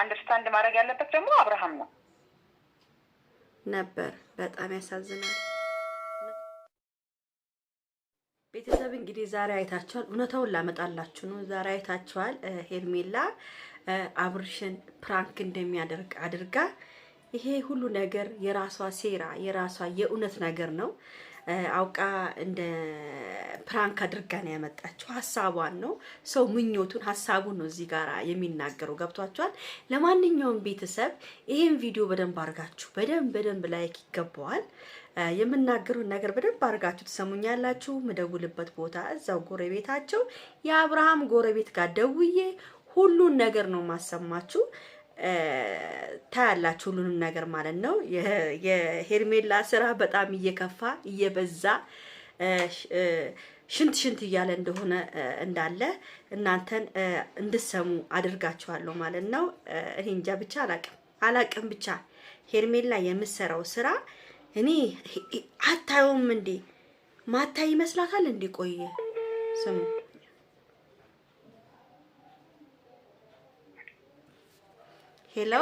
አንደርስታንድ ማድረግ ያለበት ደግሞ አብርሃም ነው ነበር። በጣም ያሳዝናል። ቤተሰብ እንግዲህ ዛሬ አይታችኋል። እውነታውን ላመጣላችሁ ነው። ዛሬ አይታችኋል። ሄርሜላ አብርሽን ፕራንክ እንደሚያደርግ አድርጋ ይሄ ሁሉ ነገር የራሷ ሴራ የራሷ የእውነት ነገር ነው። አውቃ እንደ ፕራንክ አድርጋ ነው ያመጣችው። ሀሳቧን ነው ሰው ምኞቱን ሀሳቡን ነው እዚህ ጋር የሚናገረው። ገብቷቸዋል። ለማንኛውም ቤተሰብ ይህን ቪዲዮ በደንብ አድርጋችሁ በደንብ በደንብ ላይክ ይገባዋል። የምናገሩን ነገር በደንብ አድርጋችሁ ትሰሙኛላችሁ። ምደውልበት ቦታ እዛው ጎረቤታቸው የአብርሃም ጎረቤት ጋር ደውዬ ሁሉን ነገር ነው ማሰማችሁ። ታያላችሁ ሁሉንም ነገር ማለት ነው። የሄርሜላ ስራ በጣም እየከፋ እየበዛ ሽንት ሽንት እያለ እንደሆነ እንዳለ እናንተን እንድሰሙ አድርጋችኋለሁ ማለት ነው። እኔ እንጃ ብቻ አላቅም አላቅም ብቻ ሄርሜላ የምሰራው ስራ እኔ አታየውም እንዴ? ማታይ ይመስላታል እንዴ? ቆየ ስሙ ሄሎ፣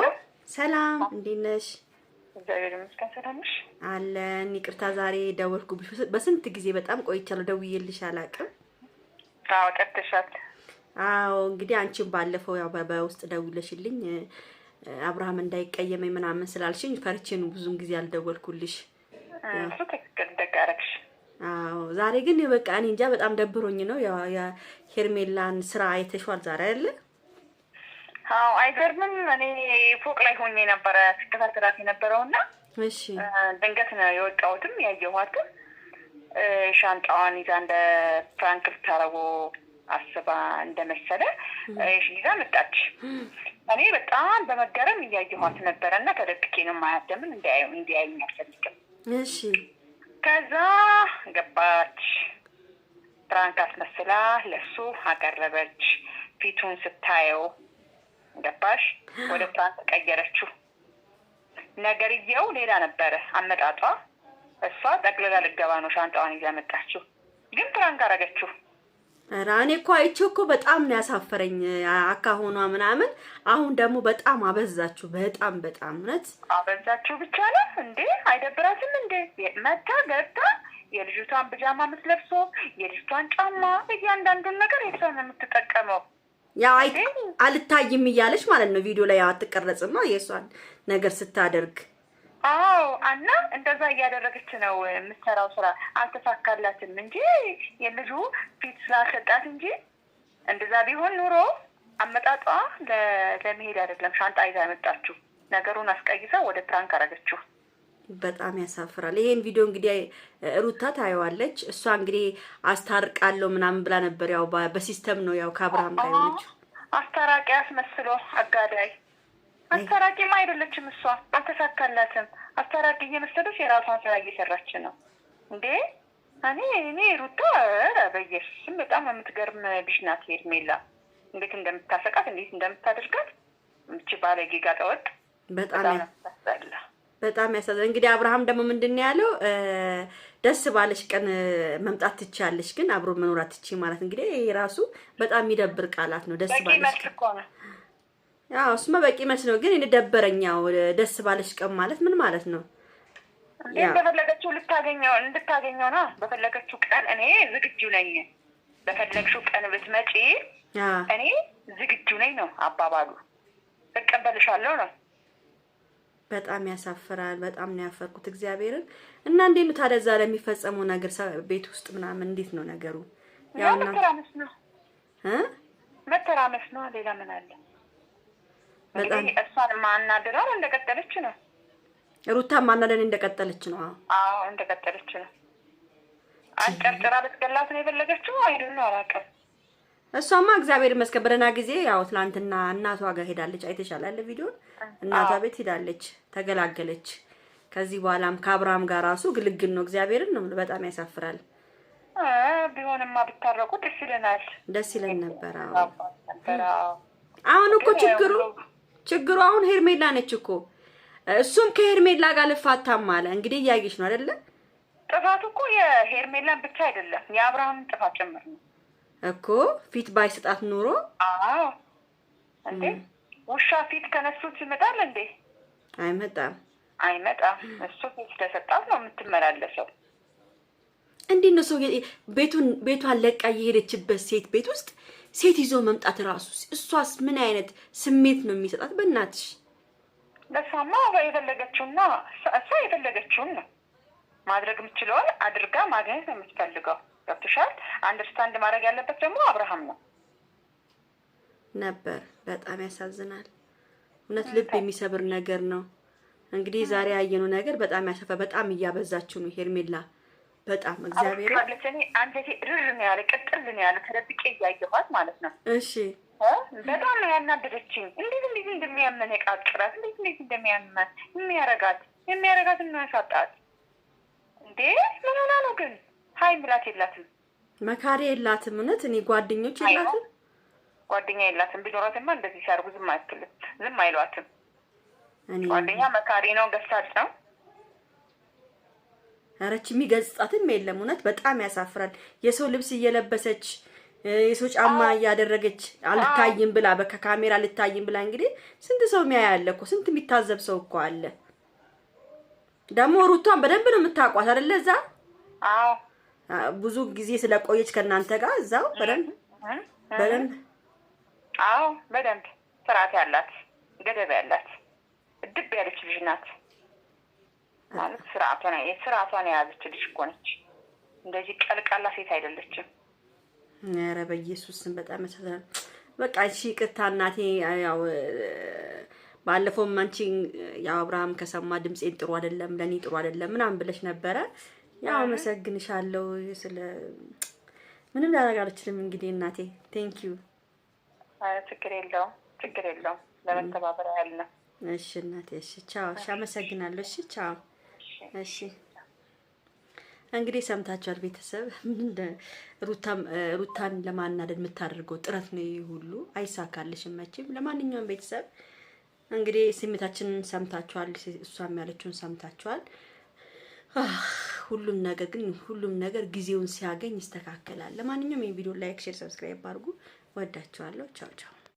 ሰላም፣ እንዴት ነሽ? አለን። ይቅርታ ዛሬ ደወልኩብሽ፣ በስንት ጊዜ በጣም ቆይቻለሁ። ደውዬልሽ አላውቅም። አዎ፣ ጠርተሻል። አዎ፣ እንግዲህ አንቺን ባለፈው ያው በውስጥ ደውለሽልኝ አብርሃም እንዳይቀየመኝ ምናምን ስላልሽኝ ፈርቼን ብዙም ጊዜ አልደወልኩልሽ። አዎ ዛሬ ግን በቃ እኔ እንጃ በጣም ደብሮኝ ነው። ሄርሜላን ስራ አይተሽዋል ዛሬ አይደለ? አዎ አይገርምም። እኔ ፎቅ ላይ ሆኜ ነበረ ስከታተላት የነበረው እና እሺ፣ ድንገት ነው የወጣሁትም ያየኋትም ሻንጣዋን ይዛ እንደ ፕራንክ ብታረቦ አስባ እንደመሰለ ይዛ መጣች። እኔ በጣም በመገረም እያየኋት ነበረ እና ተደብቄ ነው ማያደምን እንዲያዩኝ አልፈልግም። እሺ፣ ከዛ ገባች። ፍራንክ አስመስላ ለሱ አቀረበች። ፊቱን ስታየው ገባሽ? ወደ ፍራንስ ቀየረችው። ነገርየው ሌላ ነበረ አመጣጧ። እሷ ጠቅልላ ልገባ ነው ሻንጣዋን ይዛ መጣችው፣ ግን ፕራንክ አረገችው። ኧረ እኔ እኮ አይቼው እኮ በጣም ነው ያሳፈረኝ አካሆኗ ምናምን። አሁን ደግሞ በጣም አበዛችሁ፣ በጣም በጣም እውነት አበዛችሁ። ብቻ ነው እንዴ አይደብራትም እንዴ? መታ ገብታ የልጅቷን ብጃማ የምትለብሶ የልጅቷን ጫማ፣ እያንዳንዱን ነገር ነው የምትጠቀመው ያው አልታይም እያለች ማለት ነው። ቪዲዮ ላይ አትቀረጽም አትቀረጽማ የእሷን ነገር ስታደርግ አዎ እና እንደዛ እያደረገች ነው የምትሰራው ስራ። አልተሳካላትም እንጂ የልጁ ፊት ስላልሰጣት እንጂ እንደዛ ቢሆን ኑሮ አመጣጧ ለመሄድ አይደለም ሻንጣ ይዛ ያመጣችው ነገሩን አስቀይሰው ወደ ፕራንክ አረገችው። በጣም ያሳፍራል። ይሄን ቪዲዮ እንግዲህ ሩታ ታየዋለች። እሷ እንግዲህ አስታርቃለሁ ምናምን ብላ ነበር። ያው በሲስተም ነው ያው ከአብርሃም ጋር ሆነች። አስታራቂ አስመስሎ አጋዳይ አስታራቂም አይደለችም እሷ፣ አልተሳካላትም። አስታራቂ እየመሰለች የራሷን ስራ እየሰራች ነው እንዴ። እኔ እኔ ሩታ በየሱስም በጣም የምትገርም ልጅ ሄርሜላ እንዴት እንደምታሰቃት እንዴት እንደምታደርጋት ምች ባለጌ ጋጠወጥ በጣም ያስጠላ በጣም ያሳዝን። እንግዲህ አብርሃም ደግሞ ምንድን ያለው ደስ ባለሽ ቀን መምጣት ትችያለሽ፣ ግን አብሮ መኖር አትችይም ማለት እንግዲህ ይሄ ራሱ በጣም የሚደብር ቃላት ነው። ደስ ባለሽ ቀን ያው እሱማ በቂ መስሎ ነው፣ ግን እኔ ደስ ባለሽ ቀን ማለት ምን ማለት ነው? ግን በፈለገችው ልታገኘው እንድታገኘው ነው። በፈለገችው ቀን እኔ ዝግጁ ነኝ፣ በፈለግሽው ቀን ብትመጪ እኔ ዝግጁ ነኝ ነው አባባሉ። እቀበልሻለሁ ነው በጣም ያሳፍራል። በጣም ነው ያፈርኩት እግዚአብሔርን። እና እንዴት ነው ታዲያ እዛ ለሚፈጸመው ነገር ቤት ውስጥ ምናምን እንዴት ነው ነገሩ? ያው መተራመስ ነው እ መተራመስ ነው። ሌላ ምን አለ? በጣም እሷን ማናደራል። እንደቀጠለች ነው ሩታ ማናደን እንደቀጠለች ነው። አዎ እንደቀጠለች ነው። አንጨርጭራ ልትገላት ነው የፈለገችው። አይዱን ነው አላውቅም እሷማ እግዚአብሔር ይመስገን በደህና ጊዜ ያው ትላንትና እናቷ ጋር ሄዳለች። አይተሻል አይደል ቪዲዮን? እናቷ ቤት ሄዳለች፣ ተገላገለች። ከዚህ በኋላም ከአብርሃም ጋር ራሱ ግልግል ነው። እግዚአብሔርን ነው በጣም ያሳፍራል። ቢሆንማ ብታረቁ ደስ ይለናል፣ ደስ ይለን ነበር። አዎ አሁን እኮ ችግሩ ችግሩ አሁን ሄርሜላ ነች እኮ እሱም ከሄርሜላ ጋር ልፋታም አለ። እንግዲህ እያየሽ ነው አይደለ? ጥፋቱ እኮ የሄርሜላን ብቻ አይደለም የአብርሃምን ጥፋት ጭምር ነው። እኮ ፊት ባይሰጣት ኑሮ እንዴ ውሻ ፊት ከነሱት ይመጣል እንዴ? አይመጣም፣ አይመጣም። እሱ ፊት ተሰጣት ነው የምትመላለሰው። እንዴ ነው ሰው ቤቱን ቤቷን ለቃ የሄደችበት ሴት ቤት ውስጥ ሴት ይዞ መምጣት እራሱ እሷስ ምን አይነት ስሜት ነው የሚሰጣት? በእናትሽ ለሷማ የፈለገችውና እሷ የፈለገችውን ነው ማድረግ የምችለውን አድርጋ ማግኘት ነው የምትፈልገው። ገብቶሻል? አንደርስታንድ ማድረግ ያለበት ደግሞ አብርሃም ነው ነበር። በጣም ያሳዝናል። እውነት ልብ የሚሰብር ነገር ነው። እንግዲህ ዛሬ ያየነው ነገር በጣም ያሰፋ። በጣም እያበዛችው ነው ሄርሜላ። በጣም እግዚአብሔር ለሰኒ ርር ነው ያለ ቅጥል ነው ያለ ተደብቄ እያየኋት ማለት ነው። እሺ በጣም ነው ያናደደችኝ። እንዴት እንዴት የቃቅራት እንዴት እንዴት እንደሚያመን የሚያረጋት የሚያረጋት የሚያሳጣት ያሳጣት እንዴ ምን ሆና ነው ግን ሀይ ምላት የላትም፣ መካሪ የላትም። እውነት እኔ ጓደኞች የላትም፣ ጓደኛ የላትም። ቢኖራትማ እንደዚህ ሲያርጉ ዝም አይክልም፣ ዝም አይሏትም። ጓደኛ መካሪ ነው፣ ገሳጭ ነው። አረች የሚገጽጣትም የለም። እውነት በጣም ያሳፍራል። የሰው ልብስ እየለበሰች የሰው ጫማ እያደረገች አልታይም ብላ ካሜራ አልታይም ብላ እንግዲህ ስንት ሰው ሚያይ አለ እኮ ስንት የሚታዘብ ሰው እኮ አለ። ደግሞ ሩቷን በደንብ ነው የምታውቋት አይደለ እዛ አዎ ብዙ ጊዜ ስለቆየች ከእናንተ ጋር እዛው በደንብ በደንብ አዎ፣ በደንብ ስርዓት ያላት ገደብ ያላት ድብ ያለች ልጅ ናት። ማለት ስርዓቷን ስርዓቷን የያዘች ልጅ እኮ ነች። እንደዚህ ቀልቃላ ሴት አይደለችም። ኧረ በኢየሱስም በጣም መሰለ። በቃ እሺ፣ ይቅርታ እናቴ። ያው ባለፈውም አንቺ ያው አብርሃም ከሰማ ድምፄን ጥሩ አይደለም ለእኔ ጥሩ አይደለም ምናምን ብለሽ ነበረ ያው አመሰግንሻለሁ ስለ ምንም ላደርግ አልችልም። እንግዲህ እናቴ ቴንክ ዩ። ችግር የለውም ችግር የለውም። ለመተባበር ያህል ነው። እሺ እናቴ እሺ፣ ቻው። እሺ አመሰግናለሁ። እሺ ቻው። እሺ እንግዲህ ሰምታችኋል ቤተሰብ። ሩታን ለማናደድ የምታደርገው ጥረት ነው ይህ ሁሉ አይሳካልሽም መቼም። ለማንኛውም ቤተሰብ እንግዲህ ስሜታችንን ሰምታችኋል፣ እሷም ያለችውን ሰምታችኋል። ሁሉም ነገር ግን ሁሉም ነገር ጊዜውን ሲያገኝ ይስተካከላል። ለማንኛውም ይሄን ቪዲዮ ላይክ፣ ሼር፣ ሰብስክራይብ አድርጉ። ወዳችኋለሁ። ቻው ቻው።